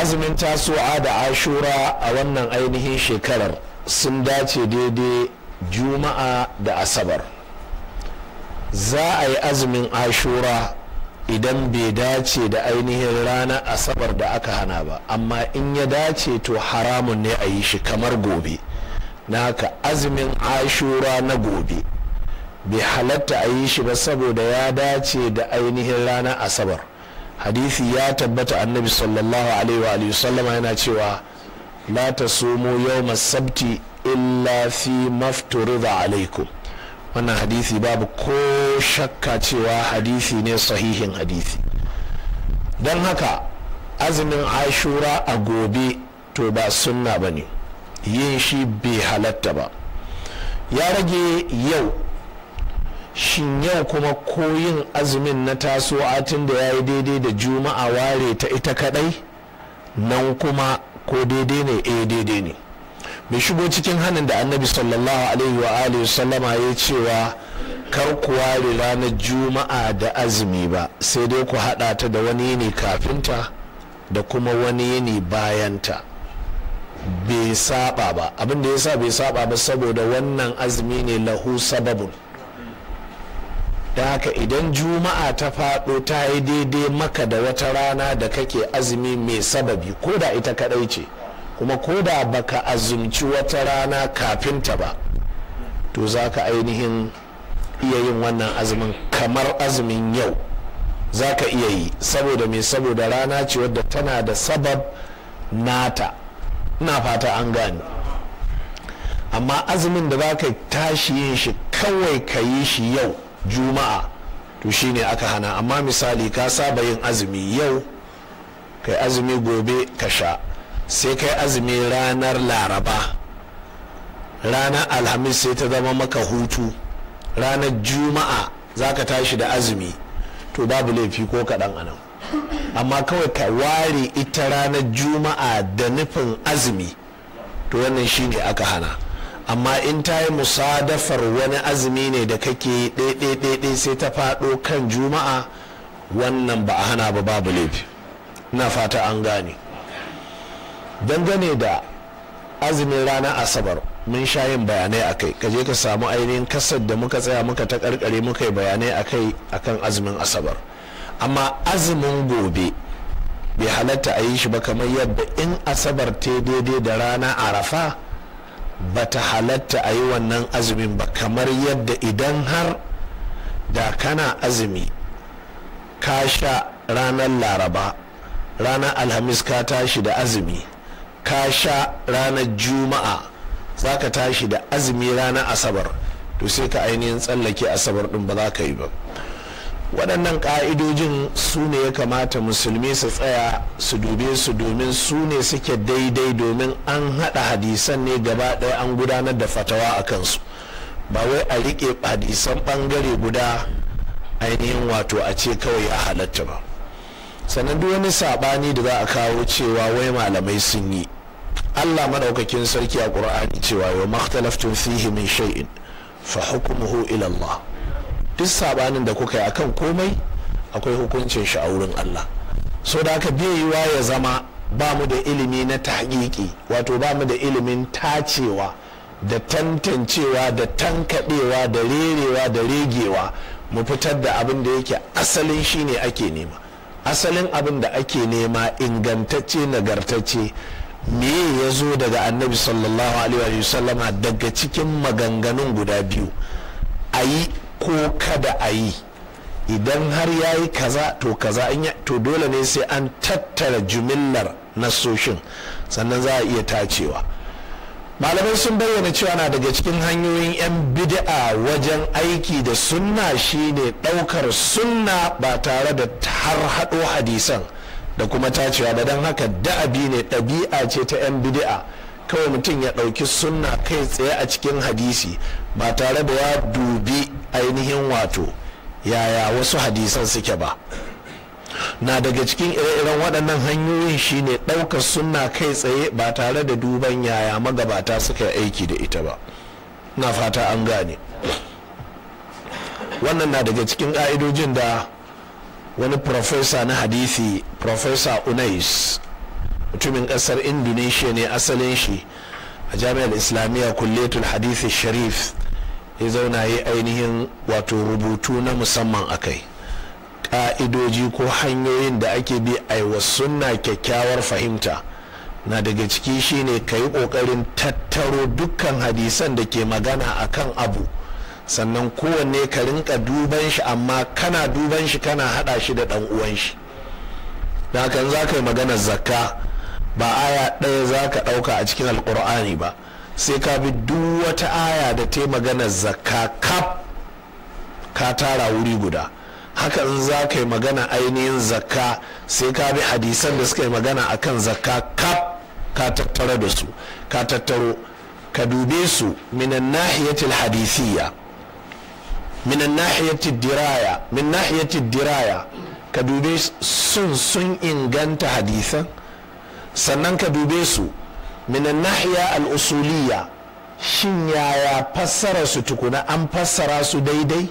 azumin tasowa da ashura a wannan ainihin shekarar sun dace daidai juma'a da asabar za a yi azumin ashura idan bai dace da ainihin ranar asabar da aka hana ba amma in ya dace to haramun ne a yi shi kamar gobe na haka azumin ashura na gobe bai halatta a yi shi ba saboda ya dace da ainihin ranar asabar hadisi ya tabbata annabi sallallahu alaihi wa alihi sallama yana cewa la tasumu yawma sabti illa fi mafturida alaikum wannan hadisi babu ko shakka cewa hadisi ne sahihin hadisi don haka azumin ashura a gobe to ba sunna ba ne yin shi bai halatta ba ya rage yau shin yau kuma koyin azumin na taso tun da ya yi daidai da juma'a ware ta ita kadai nan kuma ko daidai ne eh daidai ne bai shigo cikin hannun da annabi sallallahu alaihi wa alihi sallama ya cewa kar ku ware ranar juma'a da azumi ba sai dai ku hada ta da wani yini kafinta da kuma wani yini bayanta bai saba ba abin da ya sa bai saba ba saboda wannan azumi ne lahu sababun da haka idan juma'a ta faɗo ta yi daidai maka da wata rana da kake azumi mai sababi ko da ita kaɗai ce kuma ko da baka azumci wata rana kafin ta ba to za ka ainihin iya yin wannan azumin kamar azumin yau za ka iya yi saboda mai saboda rana ce wadda tana da sabab nata ina fata an gane amma azumin da za ka tashi yin shi kawai ka yi shi yau juma'a to shine aka hana amma misali ka saba yin azumi yau kai azumi gobe ka sha sai kai azumi ranar laraba ranar alhamis sai ta zama maka hutu ranar juma'a za ka tashi da azumi to babu laifi ko kaɗan anan amma kawai ka ware ita ranar juma'a da nufin azumi to wannan shine aka hana amma in ta yi musadafar wani azumi ne da kake ɗaiɗaiɗaiɗai sai ta faɗo kan juma'a wannan ba a hana ba babu laifi na fata an gane dangane da azumin ranar asabar mun sha yin bayanai a kai kaje ka samu ainihin kasar da muka tsaya muka ta karkare muka yi bayanai a kai akan azumin asabar amma azumin gobe bai halatta a yi shi ba kamar yadda in asabar ta daidai da rana arafa ba ta halatta a yi wannan azumin ba kamar yadda idan har da kana azumi ka sha ranar laraba ranar alhamis ka tashi da azumi ka sha ranar juma'a za ka tashi da azumi ranar asabar to sai ka ainihin tsallake asabar din ba za ka yi ba waɗannan ƙa'idojin su ne ya kamata musulmi su tsaya su dube su domin su ne suke daidai domin an haɗa hadisan ne gaba ɗaya an gudanar da fatawa a kansu ba wai a riƙe hadisan ɓangare guda ainihin wato a ce kawai a halatta ba sannan duk wani saɓani da za a kawo cewa wai malamai sun yi allah maɗaukakin sarki a ƙur'ani cewa yau maktalaftun fihimin min shay'in fa hukumuhu ila allah duk sabanin da kuka yi akan komai akwai hukuncin shi a wurin Allah so da aka yiwa ya zama ba mu da ilimi na tahqiqi wato ba mu da ilimin tacewa da tantancewa da tankadewa da rerewa da regewa mu fitar da abin da yake asalin shine ake nema asalin abin da ake nema ingantacce nagartacce me ya zo daga annabi sallallahu alaihi wasallama daga cikin maganganun guda biyu a yi ko kada a yi idan har ya yi kaza to kaza in to dole ne sai an tattara jumillar nasoshin sannan za a iya tacewa malamai sun bayyana cewa na daga cikin hanyoyin 'yan bid'a wajen aiki da sunna shine daukar sunna ba tare da har haɗo hadisan da kuma tacewa da don haka da'abi ne ɗabi'a ce ta 'yan bid'a kawai mutum ya ɗauki sunna kai tsaye a cikin hadisi ba tare da ya dubi ainihin wato yaya wasu hadisan suke ba na daga cikin ire-iren waɗannan hanyoyin shine ɗaukar sunna kai tsaye ba tare da duban yaya magabata suka aiki da ita ba na fata an gane wannan na daga cikin ƙa'idojin da wani profesa na hadisi profesa unais mutumin kasar indonesia ne asalin shi a jami'ar islamiyya kulletul hadith sharif ya zauna yi ainihin wato rubutu na musamman a kai ka'idoji ko hanyoyin da ake bi a wa kyakkyawar fahimta na daga ciki shine ka yi ƙoƙarin tattaro dukkan hadisan da ke magana a kan abu sannan kowanne ka rinka duban shi amma kana duban shi kana haɗa shi da ɗan uwan shi da hakan za ka yi maganar zakka ba aya ɗaya za ka ɗauka a cikin Alƙur'ani ba sai ka bi duk wata aya da ta magana zakka kaf ka tara wuri guda haka in za ka yi magana ainihin zakka sai ka bi hadisan da suka yi magana akan zakka kaf ka tattara da su ka tattaro ka dube su minan nahiyatil hadisiyya minan nahiyatil diraya min nahiyatil diraya ka dube sun sun inganta hadisan sannan ka dube su minan nahiya al'usuliya shin yaya fassara su tukuna an fassara su daidai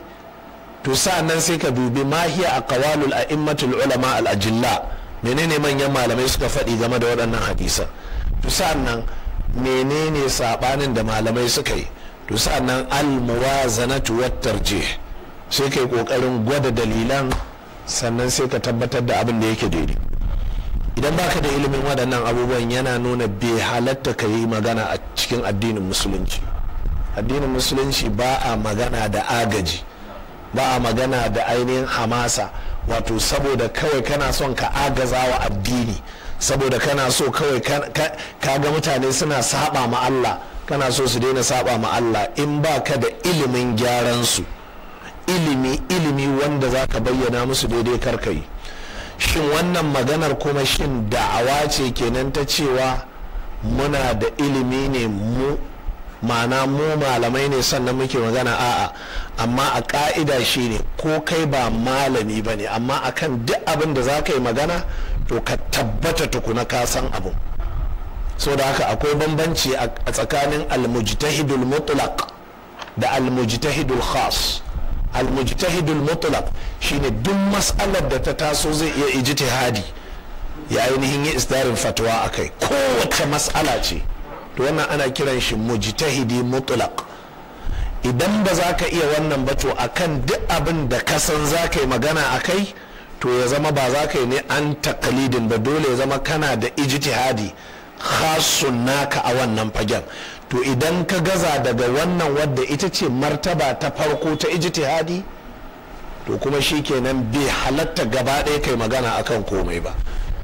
to nan sai ka dubi mahiya a kawalul a immatul ulama al'ajilla menene manyan malamai suka faɗi game da waɗannan hadisa to nan menene saɓanin da malamai suka yi to nan al zanatu je sai kai ƙoƙarin gwada dalilan sannan sai ka tabbatar da abin da yake daidai idan baka da ilimin waɗannan abubuwan yana nuna bai halatta ka yi magana a cikin addinin musulunci addinin musulunci ba a magana da agaji ba a magana da ainihin hamasa wato saboda kawai kana son ka agaza wa addini saboda kana so kawai ka ga mutane suna saba ma Allah kana so su daina saba ma Allah in ba ka da ilimin gyaran su ilimi ilimi wanda za ka bayyana musu daidai karkai shin wannan maganar kuma shin da'awa ce kenan ta cewa muna da ilimi ne mu ma'ana mu malamai ne sannan muke magana a'a amma a ka'ida shi ne ko kai ba malami ba ne amma a kan duk abin da za ka yi magana to ka tabbata tukuna ka san abu so da haka akwai bambanci a tsakanin almujtahidul mutlaq da almujtahidul khas al-mujtahidul mutlaq shine duk mas'alar da ta taso zai iya ijtihadi ya ainihin yi isdarin fatwa akai kowace mas'ala ce to wannan ana kiran shi mujtahidi mutlaq idan ba za ka iya wannan ba to akan duk abin da ka san za ka yi magana akai to ya zama ba za ka yi ne an takalidin ba dole ya zama kana da ijtihadi khasun naka a wannan fagen to idan ka gaza daga wannan wadda ita ce martaba ta farko ta ijtihadi to kuma shi shikenan bai halatta gaba ɗaya kai magana akan komai ba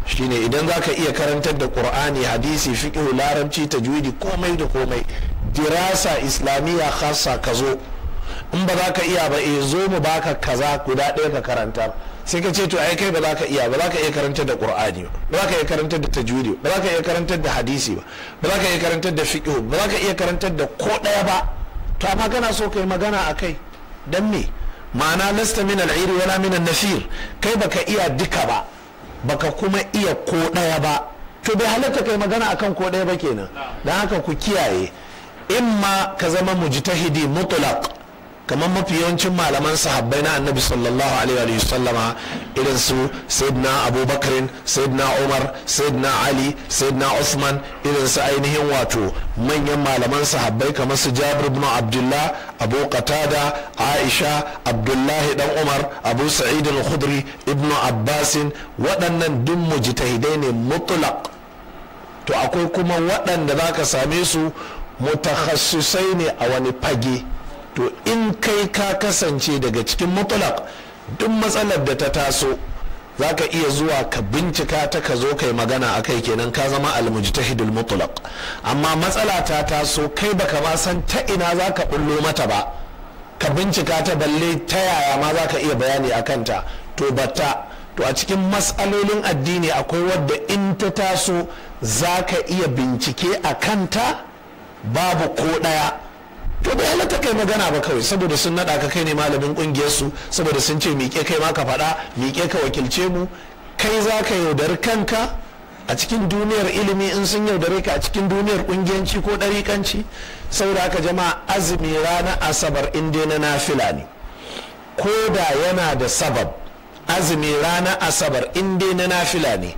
shine idan za ka iya karantar da qur'ani hadisi fiqh larabci juidi komai da komai dirasa islamiyya khassa ka zo in ba za ka iya ba e zo mu baka kaza guda ɗaya ka karantar sai ka ce to ai kai ba za ka iya ba za ka iya karantar da qur'ani ba za ka iya karantar da tajwidi ba za ka iya karantar da hadisi ba ba za ka iya karantar da fiqh ba za ka iya karantar da ko daya ba to amma kana so kai magana akai dan me ma'ana lasta min al-ir wala min an-nasir kai baka iya duka ba baka kuma iya ko daya ba to bai halatta kai magana akan ko daya ba kenan dan haka ku kiyaye imma ka zama mujtahidi mutlaq kamar mafi yawancin malaman sahabbai na annabi sallallahu alaihi sallama irin su sayyidina abubakarin sayyidina umar sayyidina ali sayyidina usman irin su ainihin wato manyan malaman sahabbai kamar su jabir ibn abdullah abu qatada aisha abdullahi dan umar abu sa'id al-khudri ibn abbasin waɗannan duk mujtahidai ne mutlaq to akwai kuma waɗanda zaka same su mutakhassisai ne a wani fage to in kai ka kasance daga cikin mutlaq duk matsalar da ta taso za ka iya zuwa ka bincika ta ka zo kai magana a kai kenan ka zama almujtahidul mutlaq amma matsala ta taso kai baka ma san ta ina za ka bullo mata ba ka bincika ta balle ta yaya ma za ka iya bayani a kanta to batta to a cikin matsalolin addini akwai wadda in ta taso za ka iya bincike a kanta babu ko ɗaya to bai halatta kai magana ba kawai saboda sun naɗa ka kai ne malamin kungiyar su saboda sun ce miƙe kai ma ka faɗa miƙe ka wakilce mu kai za ka yaudari kanka a cikin duniyar ilimi in sun yaudare ka a cikin duniyar kungiyanci ko ɗarikanci saboda haka jama azumi ranar asabar in dai na nafila ne ko da yana da sabab azumi ranar asabar in dai na nafila ne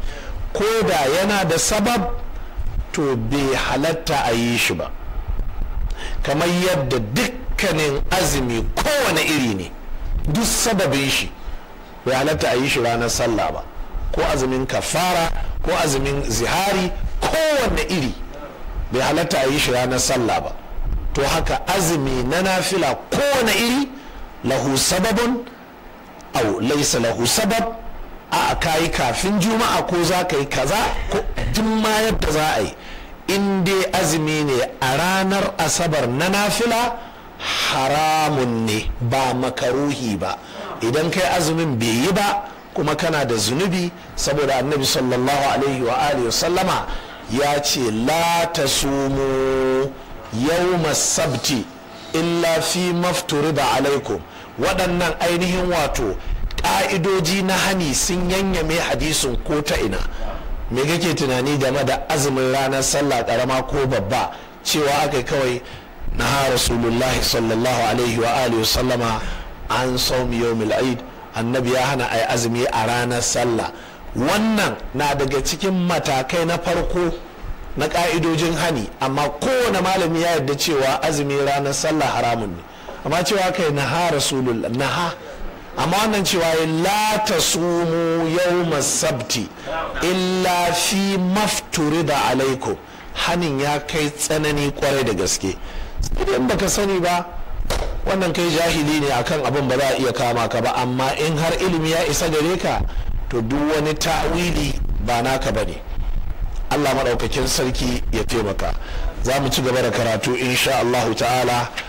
ko da yana da sabab to bai halatta a yi shi ba kamar yadda dukkanin azumi kowane iri ne duk sababin shi bai halatta a yi shi ranar sallah ba ko azumin kafara ko azumin zihari kowane iri bai halatta a yi shi ranar sallah ba to haka azumi na nafila kowane iri lahu sababun au laisa lahu sabab a kayi kafin juma'a ko za ka yi kaza ko ma yadda za a yi in dai azumi ne a ranar asabar na nafila haramun ne ba makaruhi ba idan kai azumin bai yi ba kuma kana da zunubi saboda annabi sallallahu alaihi wa alihi sallama ya ce la ta sumu yau sabti illa fi mafturi ba alaikum waɗannan ainihin wato ƙa'idoji na hani sun yanyame hadisin ko ta ina me kake tunani game da azumin ranar sallah karama ko babba cewa aka kawai na rasulullahi sallallahu alaihi wa alihi sallama an saumi yawmil aid annabi ya hana ai azumi a ranar sallah wannan na daga cikin matakai na farko na ka'idojin hani amma kowane malami ya yarda cewa azumi ranar sallah haramun ne amma cewa kai rasulullahi na naha amma wannan cewa la ta sumu yau sabti illa fi mafturi da alaiko hanin ya kai tsanani kwarai da gaske idan baka sani ba wannan kai jahili ne akan abin ba za a iya kama ka ba amma in har ilimi ya isa gare ka to duk wani ta'wili ba naka ba ne allah maɗaukakin sarki ya taimaka za mu ci gaba da karatu insha allahu ta'ala